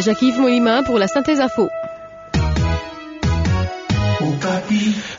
Jacques-Yves Moïma pour la synthèse info.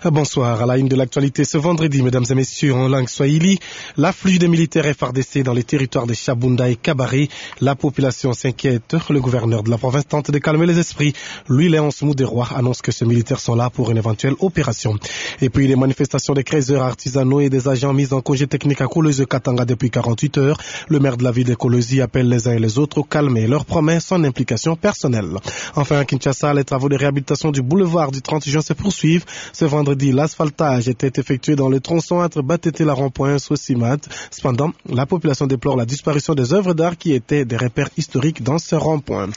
Euh, bonsoir. À la une de l'actualité ce vendredi, mesdames et messieurs, en langue swahili, l'afflux des militaires FRDC dans les territoires de Chabunda et Kabari. La population s'inquiète. Le gouverneur de la province tente de calmer les esprits. Lui, Léonce Mouderoy, annonce que ces militaires sont là pour une éventuelle opération. Et puis, les manifestations des créateurs artisanaux et des agents mis en congé technique à Kolose Katanga depuis 48 heures. Le maire de la ville de appelle les uns et les autres au calme et leur promet son implication personnelle. Enfin, à Kinshasa, les travaux de réhabilitation du boulevard du 30 juin se poursuivent. Ce vendredi, l'asphaltage était effectué dans le tronçon entre Batété la Rond-Point Simat. Cependant, la population déplore la disparition des œuvres d'art qui étaient des repères historiques dans ce rond-point.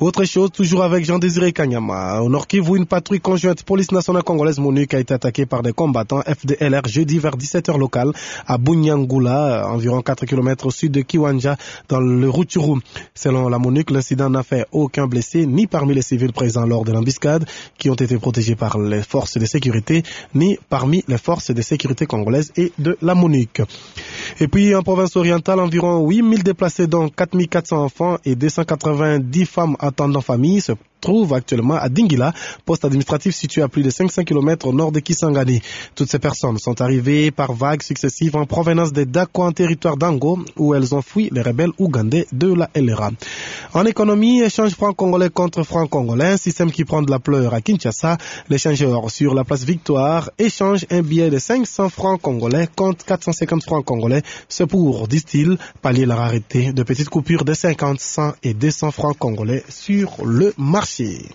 Autre chose, toujours avec Jean-Désiré Kanyama. Au Nord-Kivu, une patrouille conjointe police nationale congolaise MONUC a été attaquée par des combattants FDLR jeudi vers 17h local à Bunyangula, environ 4 km au sud de Kiwanja, dans le Rutshuru. Selon la MONUC, l'incident n'a fait aucun blessé, ni parmi les civils présents lors de l'embuscade, qui ont été protégés par les forces de sécurité sécurité ni parmi les forces de sécurité congolaises et de la MONUC. Et puis en province orientale, environ 8000 déplacés dont 4400 enfants et 290 femmes attendant famille se trouve actuellement à Dingila, poste administratif situé à plus de 500 km au nord de Kisangani. Toutes ces personnes sont arrivées par vagues successives en provenance des Dako en territoire d'Ango, où elles ont fui les rebelles ougandais de la LRA. En économie, échange franc-congolais contre franc-congolais, système qui prend de la pleure à Kinshasa. L'échangeur sur la place Victoire échange un billet de 500 francs congolais contre 450 francs congolais. Ce pour, disent-ils, pallier la rareté de petites coupures de 50, 100 et 200 francs congolais sur le marché. Merci.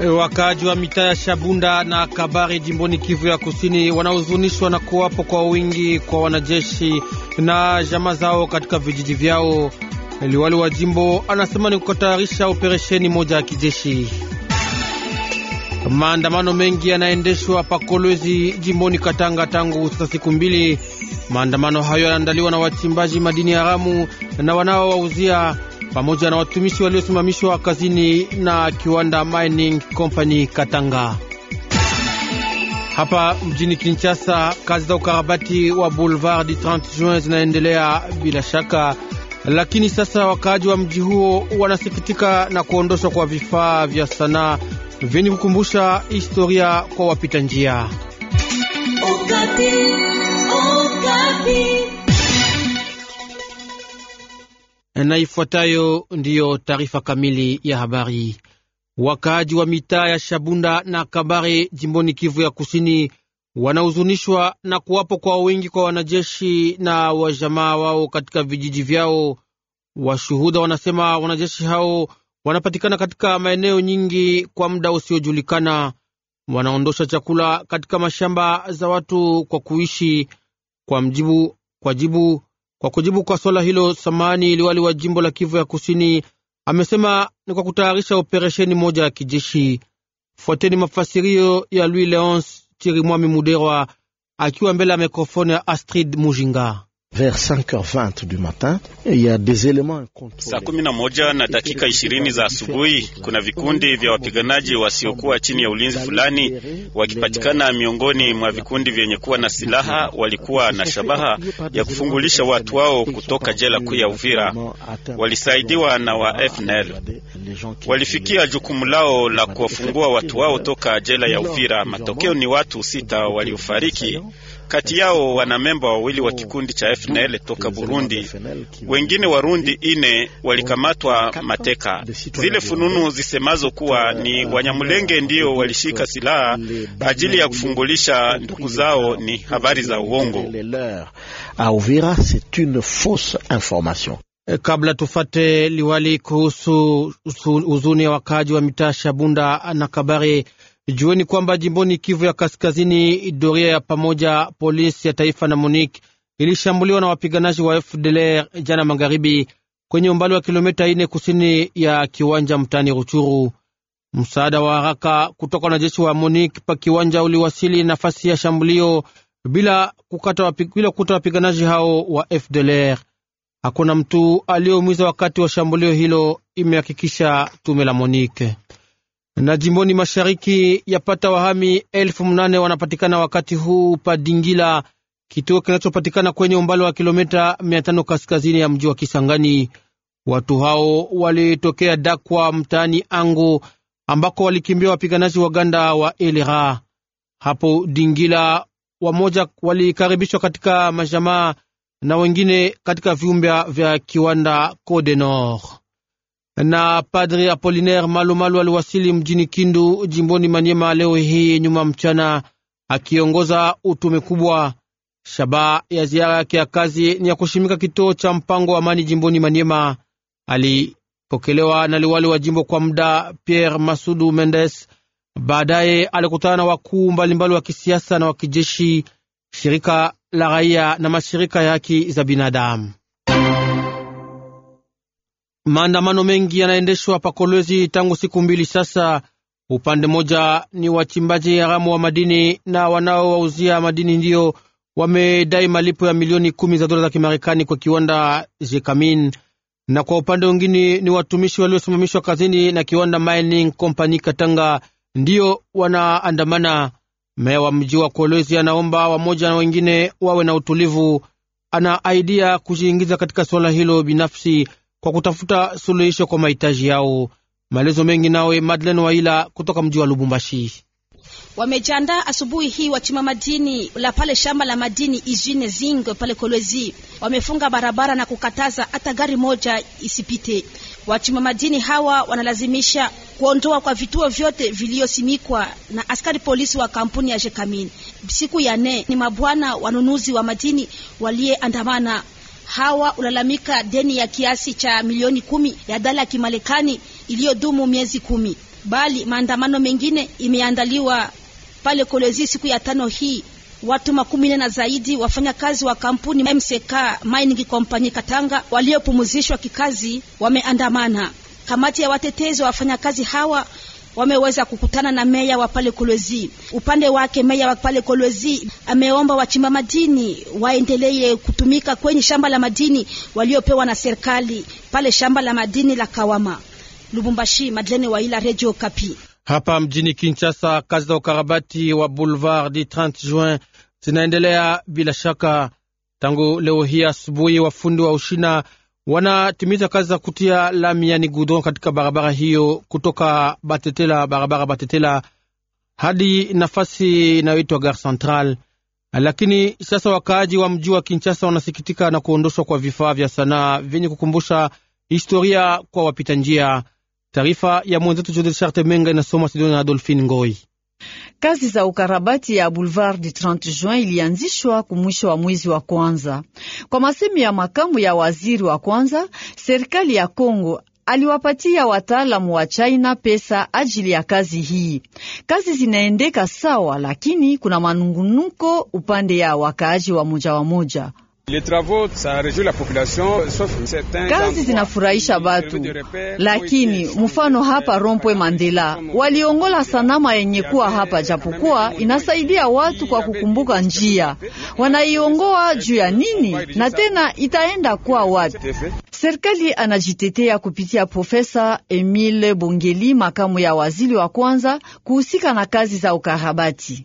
Eh, wakaaji wa mitaa ya Shabunda na Kabare jimboni Kivu ya Kusini wanahuzunishwa na kuwapo kwa wingi kwa wanajeshi na jamaa zao katika vijiji vyao. Liwali wa jimbo anasema ni kutayarisha operesheni moja ya kijeshi. Maandamano mengi yanaendeshwa pa Kolwezi jimboni Katanga tangu sasa siku mbili Maandamano hayo yanaandaliwa na wachimbaji madini haramu na wanaowauzia pamoja na watumishi waliosimamishwa kazini na kiwanda Mining Company Katanga. Hapa mjini Kinshasa, kazi za ukarabati wa Boulevard du 30 Juin zinaendelea bila shaka, lakini sasa wakaaji wa mji huo wanasikitika na kuondoshwa kwa vifaa vya sanaa vyenye kukumbusha historia kwa wapita njia. na ifuatayo ndiyo taarifa kamili ya habari. Wakaaji wa mitaa ya Shabunda na Kabare jimboni Kivu ya Kusini wanahuzunishwa na kuwapo kwa wingi kwa wanajeshi na wajamaa wao katika vijiji vyao. Washuhuda wanasema wanajeshi hao wanapatikana katika maeneo nyingi kwa muda usiojulikana, wanaondosha chakula katika mashamba za watu kwa kuishi kwa mjibu, kwa jibu kwa kujibu kwa swala hilo, Samani liwali wa jimbo la Kivu ya Kusini amesema ni kwa kutayarisha operesheni moja ya kijeshi. Fuateni mafasirio ya Louis Leonce Chirimwami Muderwa akiwa mbele ya mikrofoni ya Astrid Mujinga vers 5h20 du matin, a des elements saa kumi na moja na dakika ishirini za asubuhi, kuna vikundi vya wapiganaji wasiokuwa chini ya ulinzi fulani wakipatikana miongoni mwa vikundi vyenye kuwa na silaha, walikuwa na shabaha ya kufungulisha watu wao kutoka jela kuu ya Uvira. Walisaidiwa na wa FNL, walifikia jukumu lao la kuwafungua watu wao toka jela ya Uvira. Matokeo ni watu sita waliofariki kati yao wana memba wawili wa kikundi cha FNL toka Burundi. Wengine Warundi ine walikamatwa mateka. Zile fununu zisemazo kuwa ni Wanyamulenge ndio walishika silaha ajili ya kufungulisha ndugu zao ni habari za uongo. Kabla tufate liwali kuhusu huzuni ya wakaaji wa mitaa Shabunda na Kabare Jueni kwamba jimboni Kivu ya Kaskazini, doria ya pamoja polisi ya taifa na MONUC ilishambuliwa na wapiganaji wa FDLR jana magharibi kwenye umbali wa kilomita ine kusini ya kiwanja mtani Ruchuru. Msaada wa haraka kutoka wanajeshi wa MONUC pa kiwanja uliwasili nafasi ya shambulio bila kukata wapiganaji hao wa FDLR. Hakuna mtu aliyeumiza wakati wa shambulio hilo, imehakikisha tume la MONUC na jimboni mashariki yapata wahami elfu mnane wanapatikana wakati huu Padingila, kituo kinachopatikana kwenye umbali wa kilomita tano kaskazini ya mji wa Kisangani. Watu hao walitokea Dakwa mtaani Ango ambako walikimbia wapiganaji Waganda wa Elera. Hapo Dingila wamoja walikaribishwa katika majamaa na wengine katika viumba vya kiwanda Codenor na Padri Apolinaire Malumalu aliwasili mjini Kindu jimboni Manyema leo hii nyuma mchana, akiongoza utume kubwa. Shabaha ya ziara yake ya kazi ni ya kushimika kituo cha mpango wa amani jimboni Manyema. Alipokelewa na liwali wa jimbo kwa muda Pierre Masudu Mendes. Baadaye alikutana na wakuu mbalimbali wa kisiasa na wa kijeshi, shirika la raia na mashirika ya haki za binadamu. Maandamano mengi yanaendeshwa pa Kolwezi tangu siku mbili sasa. Upande mmoja ni wachimbaji haramu wa madini na wanaowauzia madini ndiyo wamedai malipo ya milioni kumi za dola za Kimarekani kwa kiwanda Jekamin, na kwa upande wengine ni watumishi waliosimamishwa kazini na kiwanda Mining Company Katanga ndiyo wanaandamana. Meya wa mji wa Kolwezi anaomba wamoja na wengine wawe na utulivu, anaaidia kujiingiza katika suala hilo binafsi kwa kutafuta suluhisho kwa mahitaji yao. Maelezo mengi nawe Madeleine Waila kutoka mji wa Lubumbashi. wamejanda asubuhi hii wachima madini la pale shamba la madini Ijine Zing pale Kolwezi wamefunga barabara na kukataza hata gari moja isipite. Wachima madini hawa wanalazimisha kuondoa kwa vituo vyote viliyosimikwa na askari polisi wa kampuni ya Jekamin. Siku ya nne ni mabwana wanunuzi wa madini waliyeandamana hawa ulalamika deni ya kiasi cha milioni kumi ya dala ya Kimarekani iliyodumu miezi kumi, bali maandamano mengine imeandaliwa pale Kolezi siku ya tano hii. Watu makumi nne na zaidi wafanyakazi wa kampuni MCK Mining Company Katanga waliopumuzishwa kikazi wameandamana. Kamati ya watetezi wa wafanyakazi hawa wameweza kukutana na meya wa pale Kolwezi. Upande wake meya wa pale Kolwezi ameomba wachimba madini waendelee kutumika kwenye shamba la madini waliopewa na serikali pale shamba la madini la Kawama. Lubumbashi, Madlene Waila, Radio Kapi. Hapa mjini Kinshasa, kazi za ukarabati wa Boulevard du 30 Juin zinaendelea bila shaka. Tangu leo hii asubuhi, wafundi wa Ushina wanatimiza kazi za kutia lami yani gudron katika barabara hiyo kutoka Batetela, barabara Batetela hadi nafasi inayoitwa Gare Central. Lakini sasa wakaaji wa mji wa Kinshasa wanasikitika na kuondoshwa kwa vifaa vya sanaa vyenye kukumbusha historia kwa wapita njia. Taarifa ya mwenzetu Joseph Charte Menga inasoma sidoni na Adolphine Ngoi. Kazi za ukarabati ya Boulevard du 30 Juin ilianzishwa kumwisho wa mwezi wa kwanza. Kwa masemi ya makamu ya waziri wa kwanza, serikali ya Kongo aliwapatia wataalamu wa China pesa ajili ya kazi hii. Kazi zinaendeka sawa, lakini kuna manungunuko upande ya wakaaji wa moja wa moja. Kazi zinafurahisha watu, lakini mfano hapa Rompwe Mandela waliongola sanama yenye kuwa hapa, japokuwa inasaidia watu kwa kukumbuka njia wanaiongoa juu ya nini na tena itaenda kwa wapi. Serikali anajitetea kupitia Profesa Emile Bongeli, makamu ya waziri wa kwanza kuhusika na kazi za ukarabati.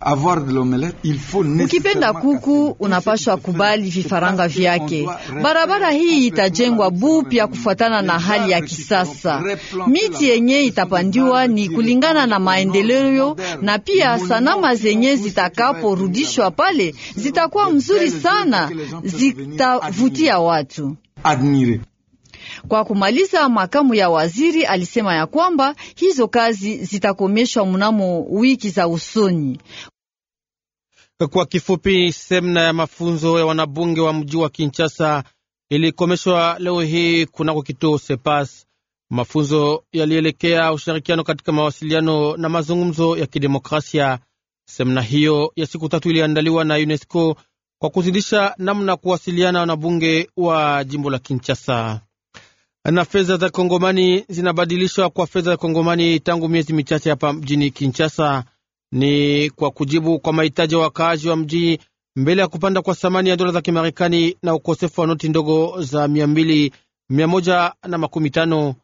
Ukipenda kuku unapashwa kubali vifaranga vifaranga vyake. Barabara hii itajengwa bupya kufuatana na hali ya kisasa. Miti yenye itapandiwa ni kulingana na maendeleo, na pia sanama zenye zitakaporudishwa pale zitakuwa mzuri sana, zitavutia watu. Kwa kumaliza, makamu ya waziri alisema ya kwamba hizo kazi zitakomeshwa mnamo wiki za usoni. Kwa kifupi, semna ya mafunzo ya wanabunge wa mji wa Kinshasa ilikomeshwa leo hii kunako kituo Sepas. Mafunzo yalielekea ushirikiano katika mawasiliano na mazungumzo ya kidemokrasia. semna hiyo ya siku tatu iliandaliwa na UNESCO kwa kuzidisha namna kuwasiliana wanabunge wa jimbo la Kinshasa. Na fedha za kongomani zinabadilishwa kwa fedha za kongomani tangu miezi michache hapa mjini Kinshasa ni kwa kujibu kwa mahitaji ya wakaaji wa mji mbele ya kupanda kwa thamani ya dola za Kimarekani na ukosefu wa noti ndogo za mia mbili mia moja na makumi tano.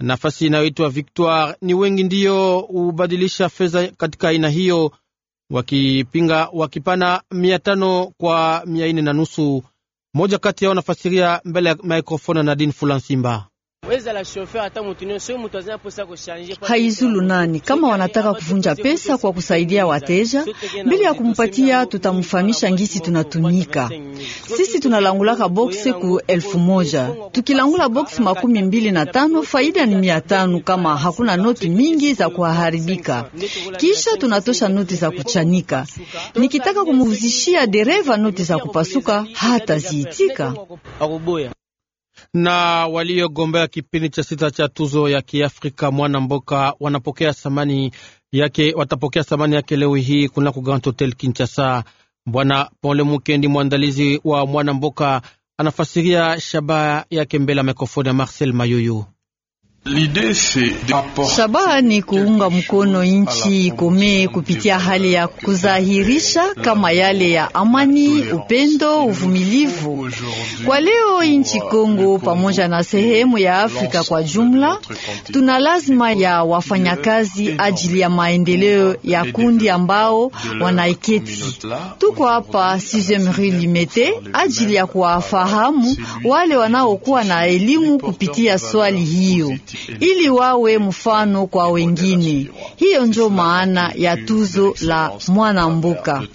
Nafasi inayoitwa Victoire ni wengi ndiyo hubadilisha fedha katika aina hiyo, wakipinga wakipana mia tano kwa mia nne na nusu. Moja kati yao nafasiria mbele ya mikrofoni na Nadine Fulansimba haizulu nani kama wanataka kuvunja pesa kwa kusaidia wateja bila ya kumpatia, tutamfahamisha ngisi tunatumika sisi. Tunalangulaka boksi ku elfu moja tukilangula boksi makumi mbili na tano faida ni mia tano kama hakuna noti mingi za kuharibika, kisha tunatosha noti za kuchanika. Nikitaka kumuhuzishia dereva noti za kupasuka hata ziitika na waliogombea kipindi cha sita cha tuzo ya kiafrika mwana mboka wanapokea thamani yake, watapokea thamani yake leo hii kunako Grand Hotel Kinshasa. Bwana Pole Mukendi, mwandalizi wa mwana mboka, anafasiria shabaha yake mbele ya mikrofoni ya Marcel Mayuyu. Shabaha ni kuunga mkono nchi ikomee kupitia hali ya kuzahirisha kama yale ya amani, upendo, uvumilivu. Kwa leo nchi Kongo euh, pamoja na sehemu ya Afrika kwa jumla, tuna lazima ya wafanyakazi ajili ya maendeleo ya kundi ambao wanaiketi. Tuko hapa Sizemri Limete ajili ya kuwafahamu wale wanaokuwa na elimu kupitia swali hiyo ili wawe mfano kwa wengine. Hiyo ndio maana ya tuzo la Mwanambuka.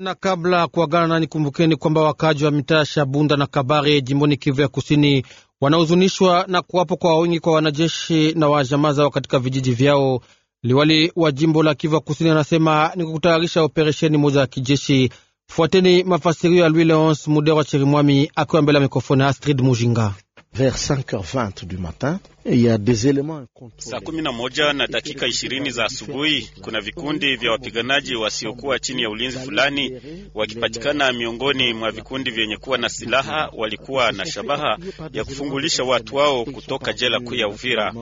Na kabla kuagana nani, kumbukeni kwamba wakaji wa mitaa Shabunda na Kabare jimboni Kivu ya Kusini wanahuzunishwa na kuwapo kwa wingi kwa wanajeshi na zao katika vijiji vyao. Liwali wa jimbo la Kivu ya Kusini anasema ni kutayarisha operesheni moja ya kijeshi. Fuateni mafasirio ya Louis Leonce Mudero Cherimwami akiwa mbele ya mikrofoni Astrid Mujinga vers 5h20 du matin. saa kumi na moja na dakika ishirini za asubuhi, kuna vikundi vya wapiganaji wasiokuwa chini ya ulinzi fulani wakipatikana miongoni mwa vikundi vyenye kuwa na silaha, walikuwa na shabaha ya kufungulisha watu wao kutoka jela kuu ya Uvira.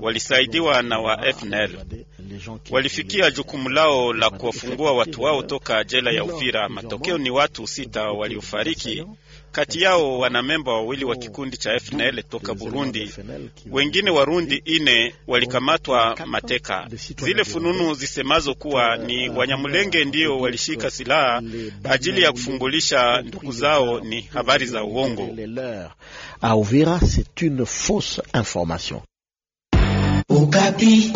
Walisaidiwa na wa FNL, walifikia jukumu lao la kuwafungua watu wao toka jela ya Uvira. Matokeo ni watu sita waliofariki. Kati yao wana memba wawili wa kikundi cha FNL toka Burundi, wengine Warundi ine walikamatwa mateka. Zile fununu zisemazo kuwa ni Wanyamulenge ndio walishika silaha ajili ya kufungulisha ndugu zao ni habari za uongo. Ukapi.